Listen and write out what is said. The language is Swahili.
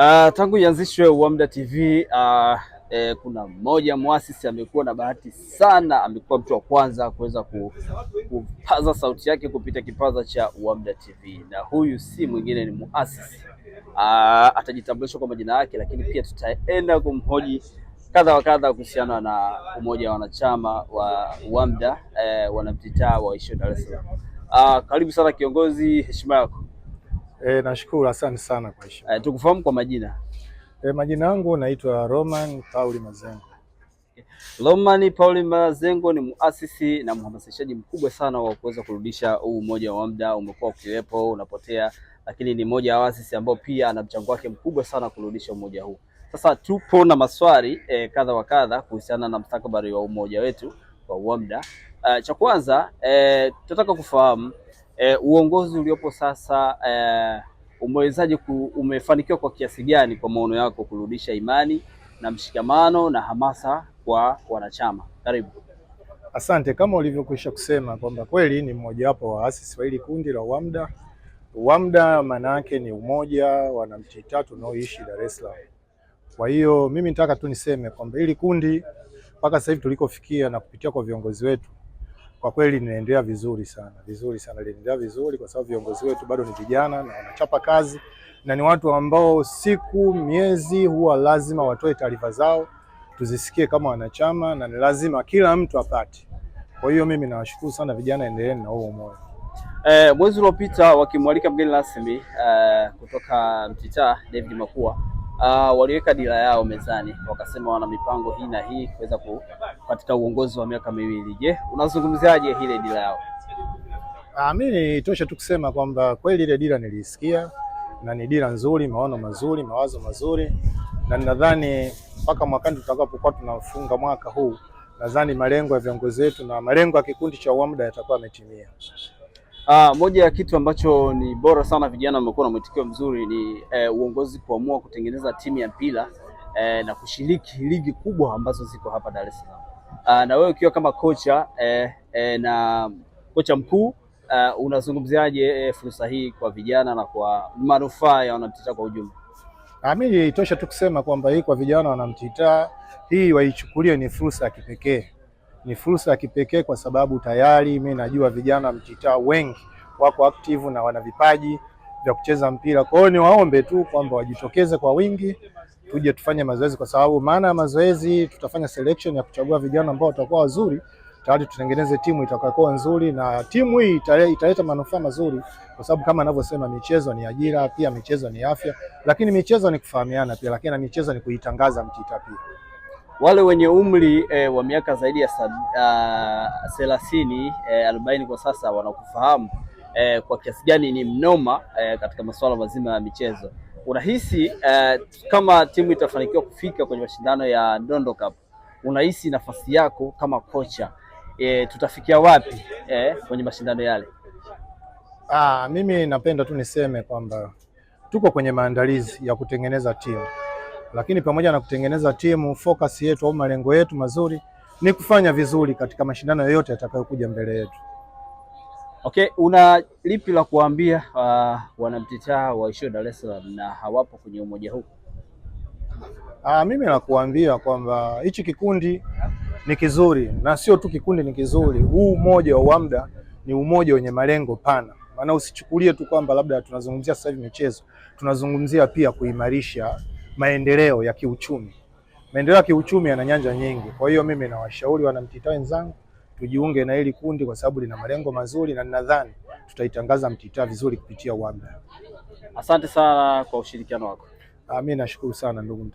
Uh, tangu ianzishwe Uwamda TV uh, ah, eh, kuna mmoja muasisi amekuwa na bahati sana, amekuwa mtu wa kwanza kuweza kupaza sauti yake kupita kipaza cha Uwamda TV, na huyu si mwingine ni muasisi uh, atajitambulisha kwa majina yake, lakini pia tutaenda kumhoji kadha wa kadha kuhusiana na umoja wa wanachama wa Uwamda eh, wanamtitaa waishio Dar es Salaam. Uh, karibu sana kiongozi, heshima yako. E, nashukuru asante sana kwa heshima. E, tukufahamu kwa majina. E, majina yangu naitwa Roman Pauli Mazengo. Roman Pauli Mazengo ni muasisi na mhamasishaji mkubwa sana wa kuweza kurudisha huu umoja wa muda. Umekuwa ukiwepo unapotea, lakini ni mmoja wa waasisi ambao pia ana mchango wake mkubwa sana kurudisha umoja huu. Sasa tupo na maswali e, kadha wa kadha kuhusiana na mstakabari wa umoja wetu wa UWAMUDA. E, cha kwanza e, tunataka kufahamu e, uongozi uliopo sasa e, umewezaje umefanikiwa kwa kiasi gani kwa maono yako kurudisha imani na mshikamano na hamasa kwa wanachama? Karibu. Asante. Kama ulivyokwisha kusema kwamba kweli ni mmojawapo wa waasisi wa hili kundi la UWAMDA. UWAMDA maana yake ni umoja wa wanamchi tatu unaoishi Dar es Salaam. Kwa hiyo mimi nataka tu niseme kwamba hili kundi mpaka sasa hivi tulikofikia na kupitia kwa viongozi wetu kwa kweli linaendelea vizuri sana vizuri sana, linaendelea vizuri kwa sababu viongozi wetu bado ni vijana na wanachapa kazi na ni watu ambao siku miezi huwa lazima watoe taarifa zao tuzisikie kama wanachama, na ni lazima kila mtu apate. Kwa hiyo mimi nawashukuru sana vijana, endeleeni na huo moyo. Eh, mwezi uliopita wakimwalika mgeni rasmi eh, kutoka Mtita David Makua Uh, waliweka dira yao mezani wakasema wana mipango hii na hii kuweza katika uongozi wa miaka miwili. Je, unazungumziaje ile dira yao? Ah, mimi nitosha tu kusema kwamba kweli ile dira nilisikia na ni dira nzuri, maono mazuri, mawazo mazuri, na ninadhani mpaka mwakani tutakapokuwa tunafunga mwaka huu, nadhani malengo ya viongozi wetu na malengo ya kikundi cha UWAMDA yatakuwa yametimia. Uh, moja ya kitu ambacho ni bora sana vijana wamekuwa na mwitikio mzuri ni uh, uongozi kuamua kutengeneza timu ya mpira uh, na kushiriki ligi kubwa ambazo ziko hapa Dar es Salaam. Uh, na wewe ukiwa kama kocha uh, uh, na kocha mkuu uh, unazungumziaje uh, fursa hii kwa vijana na kwa manufaa ya wanamtitaa kwa ujumla? Ah, mimi itosha tu kusema kwamba hii kwa vijana wanamtitaa hii waichukulie ni fursa ya kipekee ni fursa ya kipekee kwa sababu tayari mi najua vijana mchitaa wengi wako active na wana vipaji vya kucheza mpira. Kwa hiyo niwaombe tu kwamba wajitokeze kwa wingi, tuje tufanye mazoezi, kwa sababu maana ya mazoezi tutafanya selection ya kuchagua vijana ambao watakuwa wazuri, tayari tutengeneze timu itakayokuwa nzuri, na timu hii italeta manufaa mazuri, kwa sababu kama anavyosema, michezo ni ajira pia, michezo ni afya, lakini michezo ni kufahamiana pia, lakini na michezo ni kuitangaza Mtita pia wale wenye umri e, wa miaka zaidi ya ah, thelathini e, arobaini kwa sasa wanakufahamu e, kwa kiasi gani ni mnoma e, katika masuala mazima ya michezo. Unahisi e, kama timu itafanikiwa kufika kwenye mashindano ya Nondo Cup, unahisi nafasi yako kama kocha e, tutafikia wapi e, kwenye mashindano yale? Ah, mimi napenda tu niseme kwamba tuko kwenye maandalizi ya kutengeneza timu lakini pamoja na kutengeneza timu, focus yetu au malengo yetu mazuri ni kufanya vizuri katika mashindano yoyote yatakayokuja mbele yetu. Okay, una lipi la kuambia uh, wanamtitaa waishio Dar es Salaam na hawapo kwenye umoja huu? Ah, mimi la kuambia kwamba hichi kikundi ni kizuri, na sio tu kikundi ni kizuri, huu umoja wa UWAMDA ni umoja wenye malengo pana, maana usichukulie tu kwamba labda tunazungumzia sasa hivi michezo, tunazungumzia pia kuimarisha maendeleo ya kiuchumi. Maendeleo ya kiuchumi yana nyanja nyingi, kwa hiyo mimi nawashauri wanamtita wenzangu tujiunge na hili kundi kwa sababu lina malengo mazuri na ninadhani tutaitangaza Mtita vizuri kupitia UABLA. Asante sana kwa ushirikiano wako. Ah, mimi nashukuru sana ndugu mtangazaji.